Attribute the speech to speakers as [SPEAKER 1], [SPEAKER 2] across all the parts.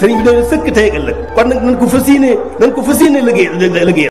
[SPEAKER 1] sëriñ bi dañu sëkk tey ak ëllëg kon nag nañ ko fas yéene nañ ko fas yéene liggéey liggéey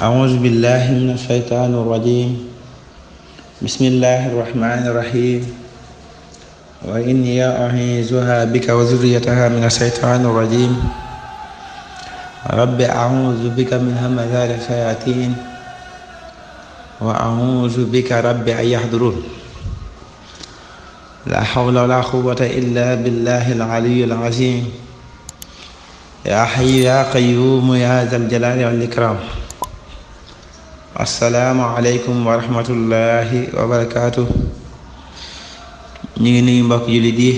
[SPEAKER 1] أعوذ بالله من الشيطان الرجيم بسم الله الرحمن الرحيم وإني أعيذها بك وذريتها من الشيطان الرجيم رب أعوذ بك من همزات الشياطين وأعوذ بك رب أن يحضرون لا حول ولا قوة إلا بالله العلي العظيم يا حي يا قيوم يا ذا الجلال والإكرام السلام عليكم ورحمة الله وبركاته ñu ngi nuyu mbokk jullit yi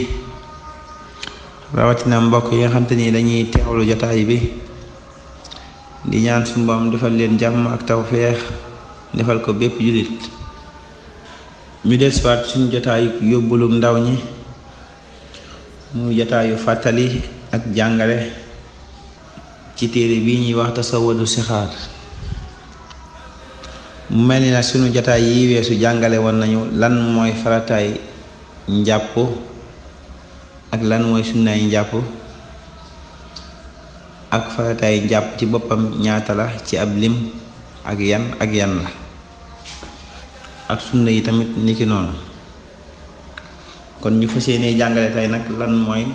[SPEAKER 1] rawatina mbokk yi nga xam ni dañuy teewlu jotaay bi di ñaan suñu boom defal leen jàmm ak tawfeex defal ko bépp jullit ñu del siwaat suñu jotaayu yóbbulum ndaw ñi muy jotaayu fàttali ak jàngale ci téere bi ñuy wax tasawudu sixaar mu mel ni nag suñu jotaay yi weesu jàngale woon nañu lan mooy farataay njàpp ak lan mooy sunnaay njàpp ak farataay njàpp ci boppam ñaata la ci ab lim ak yan ak yan la ak sunna yi tamit niki noonu kon ñu fas yéene jàngale tey nag lan mooy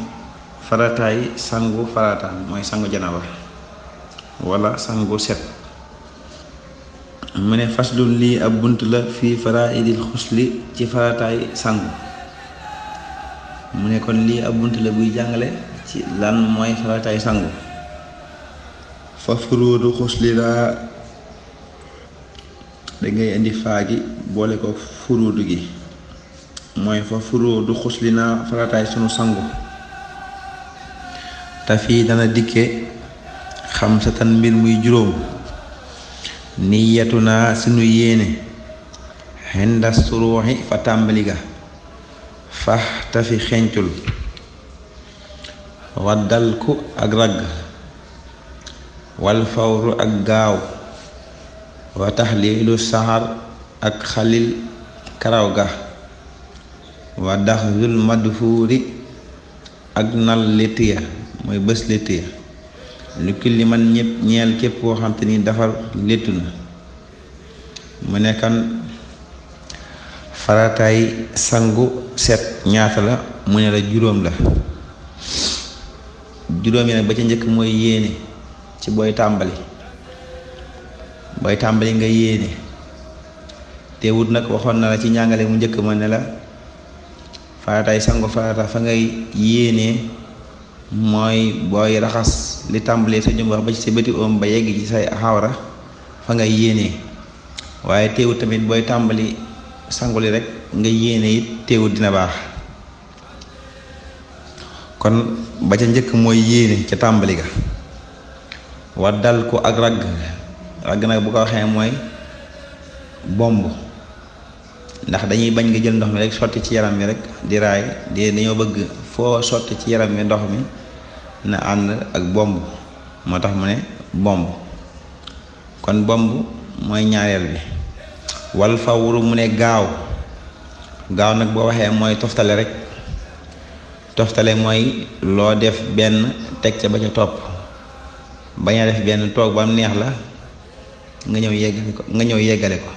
[SPEAKER 1] farataay sangu farata mooy sangu janaba wala sangu set mu ne faslun lii ab bunt la fii faraidil xusli ci farataay sangu mu ne kon lii ab bunt la buy jàngale ci lan mooy faratay sangu fa furuudu xusli laa dangay indi faa gi boole ko furuudu gi mooy fa furuudu xusli naa faratay sunu sangu te fii dana dikke xam sa tan mbir muy juróom yetu naa sunu yéene xendas suruuxi fa tàmbali ga fax tafi xencul waddalku ak ragg wal fawru ak gaaw wa tax taxliilu saxar ak xalil karaw ga wa dax yul madfuuri ak nal litiya mooy bés litiya lu killi man ñépp ñeel képp koo xam te ni dafar léttu na mu nekkan farataay sangu set ñaata la mu ne la juróom la juróom yi nag ba ca njëkk mooy yéene ci booy tàmbali booy tàmbali nga yéene teewut nag waxoon na la ci ñàngale mu njëkk ma ne la farataay sangu farata fa ngay yéene mooy booy raxas li tàmbalee sa jumbax ba ci sa bëti oom ba yegg ci say xawra fa ngay yéenee waaye teewut tamit booy tàmbali sanguli rek nga yéene it teewul dina baax kon ba ca njëkk mooy yéene ca tàmbali ga wa dal ko ak ragg ragg nag bu ko waxee mooy bomb ndax dañuy bañ nga jël ndox mi rek sotti ci yaram mi rek di raay di dañoo bëgg foo sotti ci yaram mi ndox mi na ànd ak bomb moo tax mu ne bomb kon bomb mooy ñaareel bi wal fawru mu ne gaaw gaaw nag boo waxee mooy toftale rek toftale mooy loo def benn teg ca ba ca topp bañ a def benn toog ba neex la nga ñëw yeggale ko nga ñëw yeggale ko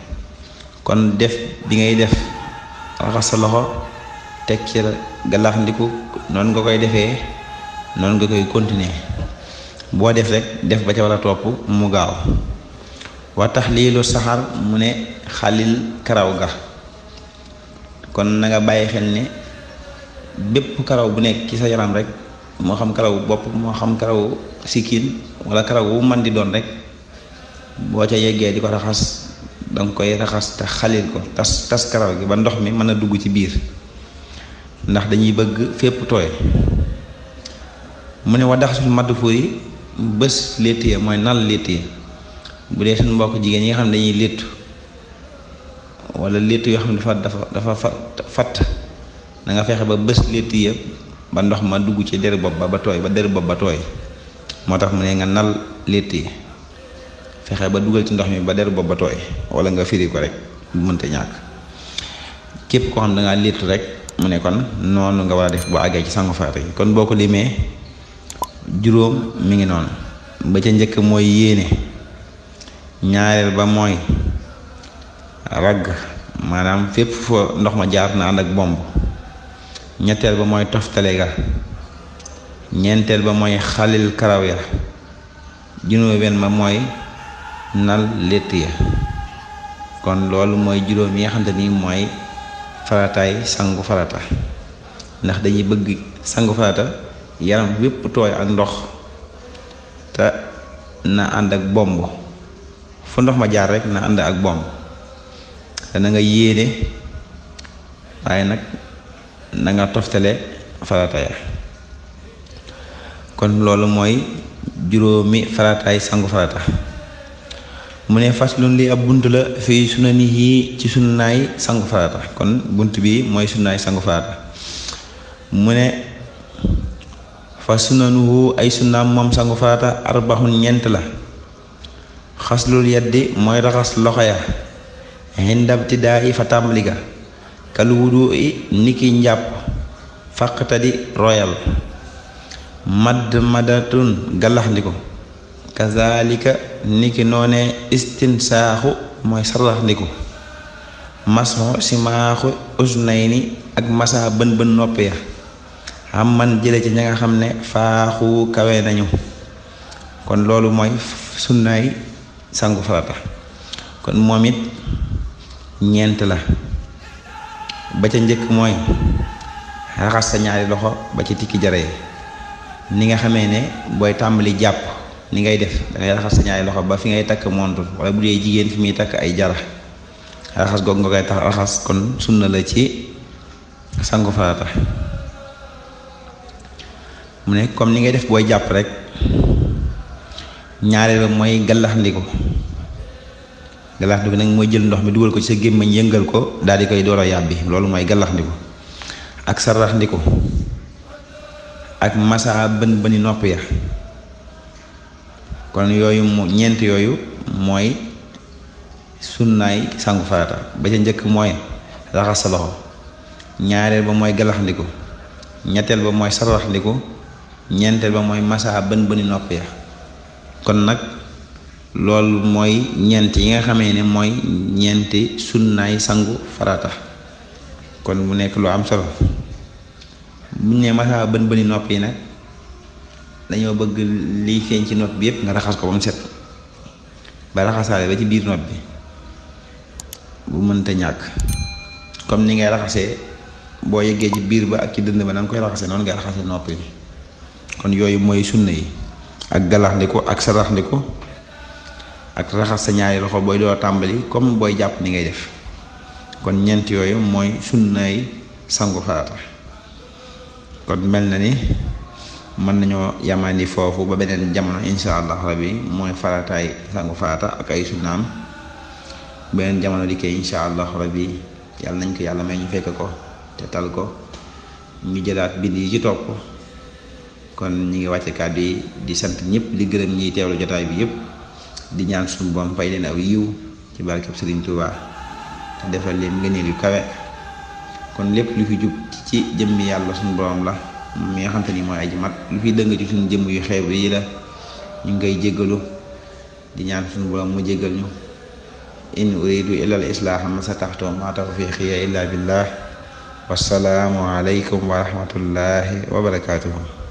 [SPEAKER 1] kon def bi ngay def raxas sa loxo teg ci galaax ndiku noonu nga koy defee noonu nga koy continuer boo def rek def ba ca war a topp mu gaaw wa tax lii lu saxar mu ne xalil karaw ga kon na bàyyi xel ne bépp karaw bu nekk ci sa yaram rek moo xam karaw bopp moo xam karaw sikkin wala karaw wu man di doon rek boo ca yeggee di ko raxas danga koy raxas te xalil ko tas tas karaw gi ba ndox mi mën a dugg ci biir ndax dañuy bëgg fépp tooy mu ne wa dax suñu madd fóori bés léttee mooy nal léttee bu dee suñu mbokk jigéen ñi nga xam ne dañuy léttu wala létt yoo xam ne dafa dafa dafa fatt na fexe ba bës létt yëpp ba ndox ma dugg ci der bopp ba ba tooy ba deri bopp ba tooy moo tax mu ne nga nal létt yi fexe ba dugal ci ndox mi ba deri bopp ba tooy wala nga firi ko rek bu mënta ñàkk képp koo xam ne dangaa létt rek mu ne kon noonu nga war a def boo àggee ci sangu farata yi kon boo ko limee juróom mu ngi noonu ba ca njëkk mooy yéene ñaareel ba mooy ragg maanaam fépp foo ndox ma jaar na ànd ak bomb ñetteel ba mooy toftale ga ñeenteel ba mooy xalil karaw ya juróomeel ma mooy nal létt ya kon loolu mooy juróom yi nga xamante ni mooy farataay sangu farata ndax dañuy bëgg sangu farata yaram wépp tooy ak ndox te na ànd ak bomb fu ndox ma jaar rek na ànd ak bomb te na yéene waaye nag nanga nga toftale farata ya kon loolu mooy juróomi farataay sangu farata mu ne fas lun li ab bunt la fii suna ni yi ci sunnaay sangu farata kon bunt bi mooy sunnaay sangu farata mu ne fa sunanuhu ay sunnaam moom sangu farata arbaxun ñeent la xaslul yaddi mooy raxas loxo ya xindabtidaay fa tàmbali ga kal wudu i niki njàpp faqtadi royal madd madatun gallaxndiku kazalika niki noone istinsaaxu mooy sarlaxndiku masxo simaaxu usnayni ak masa bën bën nopp ya am man jële ci ña nga xam ne faaxu kawe nañu kon loolu mooy sunnaay sangu farata kon moom it ñeent la ba ca njëkk mooy raxas sa ñaari loxo ba ca tikki jare ni nga xamee ne booy tàmbali jàpp ni ngay def dangay raxas sa ñaari loxo ba fi ngay takk montul wala bu dee jigéen fi muy takk ay jara raxas goog nga koy tax raxas kon sunna la ci sangu farata mu ne comme ni ngay def booy jàpp rek ñaareel mooy gallaxndiku galaxndiku nag mooy jël ndox mi dugal ko ci sa gémmañ yëngal ko daal koy door a yàbbi loolu mooy galaxndiku ak saraxndiku ak masaa bën bëni nopp kon yooyu ñeent yooyu mooy sunnaay sangu farata ba njëkk mooy raxas sa ñaareel ba mooy galaxndiku ñetteel ba mooy saraxndiku ñeenteel ba mooy masaa bën bëni nopp ya kon nag loolu mooy ñeent yi nga xamee ne mooy ñeenti sunnaay sangu farata kon mu nekk lu am solo buñ ne masaa bën bëni nopp yi nag dañoo bëgg lii feeñ ci nopp bi yëpp nga raxas ko ba mu set ba raxasaale ba ci biir nopp bi bu mënta ñàkk comme ni ngay raxasee boo yeggee ci biir ba ak ci dënd ba na nga koy raxasee noonu ngay raxasee nopp yi kon yooyu mooy sunna yi ak galaxndiku ak saraxndiku ak raxas sa ñaari loxo booy doo tàmbali comme booy jàpp ni ngay def kon ñeent yooyu mooy sunnaay sangu farata kon mel na ni mën nañoo yamandi foofu ba beneen jamono insha allah rabbi mooy farataay sangu farata ak ay sunnaam beneen jamono dikkee insha allah rabbi yàlla nañ ko yàlla may ñu fekk ko te tal ko ñu jëlaat bind yi ci topp kon ñu ngi wàcce kàddu yi di sant ñëpp di gërëm ñiy teewlu jotaay bi yëpp di ñaan suñu borom fay leen aw yiw ci barkeb Sëriñ Tuubaa te defal leen ngëneel yu kawe kon lépp lu fi jub ci jëmmi yàlla suñu borom la moom mi nga xam ni mooy aji lu fi dëng jëmm yu xeeb yi la ñu ngay jéggalu di ñaan suñu borom mu jéggal ñu in uridu na al islaaha ma sataxtu ma tawfiiqiya illa billah wassalaamu aleykum wa rahmatullahi wa barakaatuhu